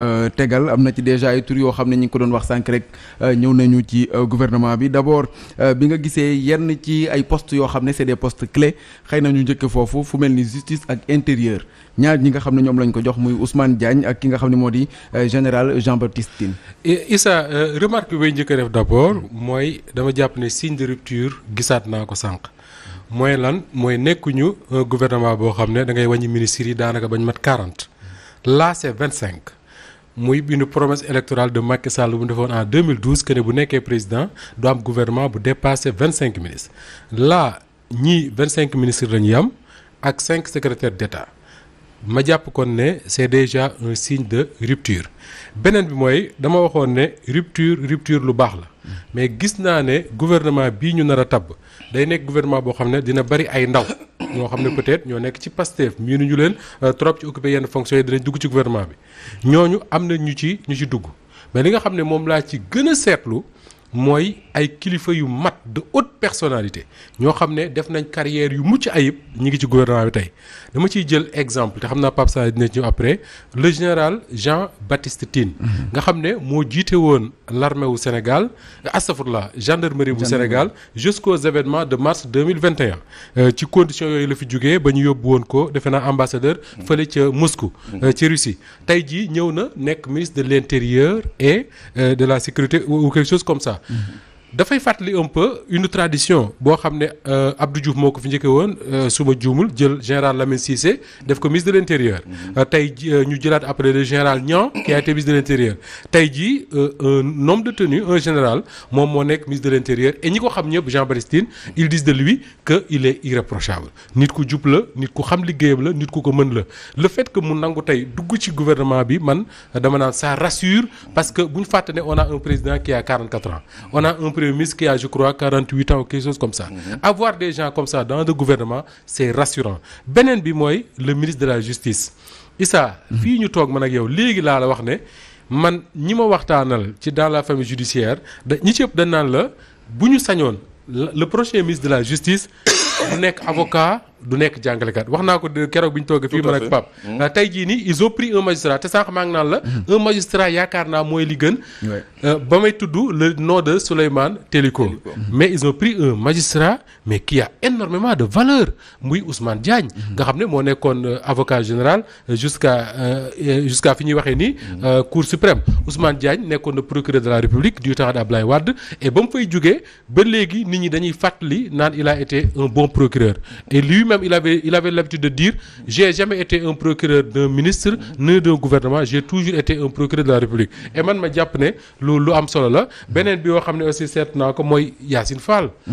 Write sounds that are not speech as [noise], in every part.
Euh, tegal am na ci déjà ay tur yoo xam ne ñi ngi ko doon wax sànq rek euh, ñëw nañu ci euh, gouvernement bi d'abord bi nga gisee yenn ci ay postes yoo xam ne c'est post postes clés xëy na ñu njëkk foofu fu mel ni justice ak intérieur ñaar ñi nga xam ne ñoom lañ ko jox muy Ousmane Diagne ak ki nga xam ne moo di général Jean-Baptiste Tine. Issa remarque bi bay njëkk def d'abord mooy dama jàpp ne signe de rupture gisaat naa ko sànq mooy lan mooy nekkuñu gouvernement boo xam ne da ngay wàññi ministres yi daanaka bañ mat 40 là c'est 25. muy bindu promesse électorale de Macky Sall bu defoon en 2012 que ne bu nekkee président du am gouvernement bu dépassé vingt cinq ministres là ñii vingt cinq ministre lañuy am ak cinq secrétaires d' état ma jàpp kon ne c' est déjà un signe de rupture beneen bi mooy dama waxoon ne rupture rupture lu baax la mais gis naa ne gouvernement bii ñu nar a tabb day nekk gouvernement boo xam ne dina bari ay ndaw. ñoo xam ne peut-être ñoo nekk ci Pastef miinuñu leen euh, trop ci occupé yenn fonction yi dinañ dugg ci gouvernement bi ñooñu am na ñu ci ñu ci dugg mais li nga xam ne moom laa ci gën a seetlu mooy ay kilifa yu mat de haute personnalité ñoo xam ne def nañ carrière yu mucc ayib ñi ngi ci gouvernement bi tey dama ci jël exemple te xam naa Pape Sané dina ci après le général Jean Baptiste mhm. nga xam ne moo jiite woon l'armée wu Sénégal astafurlah gendarmerie bu Sénégal jusqu'aux événements de mars 2021 euh, ci conditions yooyu la fi jugee ba ñu yóbbu woon ko defe naa ambassadeur mhm. fële ca Moscou mhm. euh, ci Russie tey jii ñëw na nekk ministre de l'intérieur et euh, de la sécurité ou quelque comme ça Mm-hmm. dafay fàttali un peu une tradition boo xam ne euh, Abdou Diouf moo ko fi njëkke woon euh, suma juumul jël général Lamine def ko ministre de l' intérieur mm-hmm. euh, tey ñu jëlaat après le général Niang qui a été ministre de l' intérieur tey jii un homme de tenue un général moom moo nekk ministre de l' intérieur ñi ko xam ñëpp Jean Baptiste Tine ils disent de lui que il est irréprochable nit ku jub la nit ku xam liggéeyam la nit ku ko mën la le fait que mu nangu tey dugg ci gouvernement bi man dama naan ça rassure parce que bu ñu fàtte on a président qui a 44 Premier ministre qui a, je crois, 48 ans comme ça. Mhm. Avoir des gens comme ça dans le gouvernement, c'est rassurant. beneen bi mooy le ministre de la justice. Issa mhm. fii ñu toog man ak yow léegi laa la wax ne man ñi ma waxtaanal ci dans la famille judiciaire da ñi ci ëpp dañ naan la bu ñu sañoon le prochain ministre de la justice [coughs] nekk avocat. du nekk jàngalekat wax naa ko keroog bi ñu toogee fii man ak Pape hmm. euh, tey jii nii ils ont pris un magistrat te sànq maa ngi naan la hmm. un magistrat yaakaar naa mooy li gën euh, ba may tuddu le nom de Souleymane Téliko hmm. mais ils ont pris un magistrat mais qui a énormément de valeur muy Ousmane Diagne nga xam ne moo nekkoon euh, avocat général jusqu'à jusqu'à fi ñuy waxee nii cour suprême Ousmane Diagne nekkoon na procureur de la République du temps d'Abdoulaye Wade et ba mu fay jógee ba léegi nit ñi dañuy fàttali naan il a un bon procureur lui-même il avait l'habitude de dire j'ai jamais été un procureur d'un ministre ni d'un gouvernement j'ai toujours été un procureur de la République et man ma jàpp ne loolu lu am solo la beneen bi yoo xam ne aussi seet naa ko mooy Yacine Fall euh,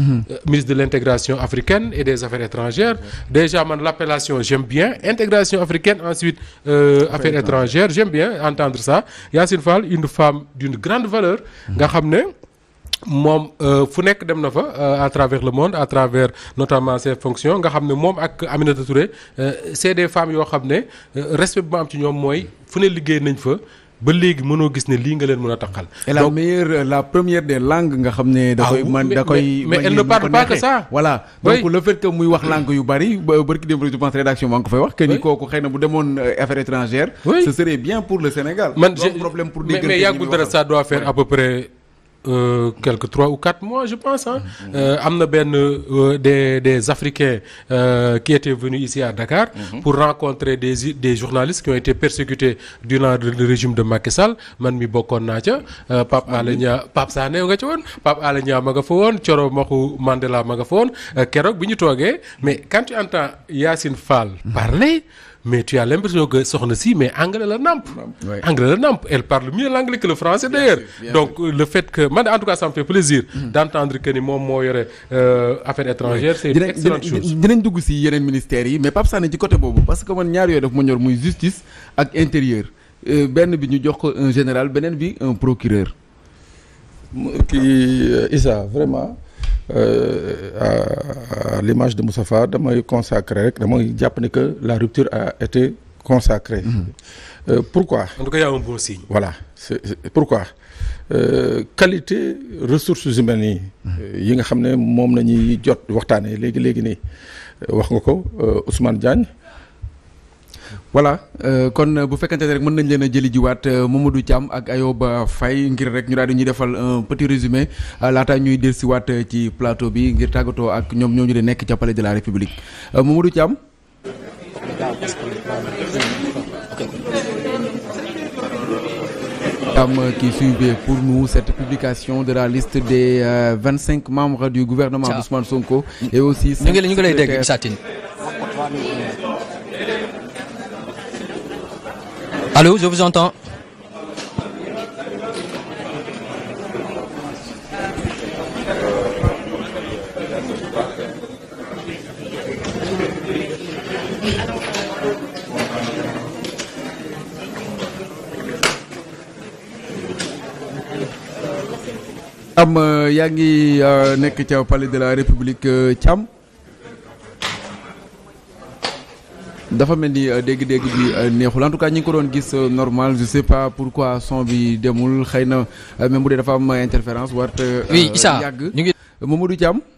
ministre de l'intégration africaine et des affaires étrangères déjà man l'appellation j'aime bien intégration africaine ensuite euh, affaires étrangères j'aime bien entendre ça Yacine Fall une femme d'une grande valeur nga xam ne moom euh, fu nekk dem na fa euh, à travers le monde à travers notamment ses fonctions nga xam ne moom ak Aminata Touré euh, c'est des femmes yoo xam ne respect bu ma am ci ñoom mooy fu ne liggéey nañ fa ba léegi mënoo gis ne lii nga leen mën a taxal. donc la meilleure la première des langues nga xam ne. Ah da koy man da koy. mais elle ne parle pas que ça. voilà donc le fait que wax langue yu bari ba kooku xëy na bu demoon affaire étrangère. ce serait bien pour le Sénégal. man problème pour dégg mais mais yàggul dara ça Euh, quelque trois ou quatre mois je pense ah. am na benn euh, des des Africains euh, qui étaient venus ici à Dakar. Mhm. pour rencontrer des des journalistes qui ont été persécutés durant le régime de Macky Sall man mi bokkoon naa ca euh, Pape Alé Niang Pape Sané nga ci woon Pape Alé ma nga fa woon Thioro Maxu Mandela ma nga fa woon keroog bi ñu toogee mais quand tu entends Yacine Fall parler. Mm -hmm. mais tu as l'impression que soxna si mais anglais la nàmp anglais la nàmp elle parle mieux l'anglais que le français d'ailleurs donc le fait que man en tout cas ça me fait plaisir mm-hmm. d'entendre que ni moom moo yore euh, affaires étrangères c'est dugg si yeneen ministères yi mais Pape Sané ci côté boobu parce que man ñaar yooyu daf ma ñor muy justice ak intérieur euh, benn bi ñu jox ko un général beneen bi un procureur kii euh, Issa vraiment Euh, à l'image de Moustapha damay consacré rek damay jàpp ne que la rupture a été consacrée. Mhm. Euh, pourquoi. en tout cas y a un bon signe. voilà c'est pourquoi euh, qualité ressources humaines mhm. yi. nga xam ne moom la ñuy jot waxtaanee léegi léegi nii wax nga ko Ousmane Diagne. voilà euh, kon euh, bu fekkante rek mën nañ leen a jëli jiwaat euh, Mamadou Thiam ak ba Faye ngir rek ñu daal di ñuy defal un petit résumé laata ñuy dellusiwaat ci plateau bi ngir tàggatoo ak ñoom ñoo ñu di nekk ca palais de la République Mamadou Thiam. qui suivait pour nous cette publication de la liste des euh, 25 membres du gouvernement d'Ousmane Sonko et aussi Allô, am euh, yaa ngi euh, nekk ca palais de la République euh, Thiam dafa mel ni euh, dégg-dégg bi euh, neexul en tout cas ñi ngi ko doon gis euh, normal je sais pas pourquoi son bi demul xëy na même bu dee dafa am interférence warte. oui Issa yàgg Mamadou jàmm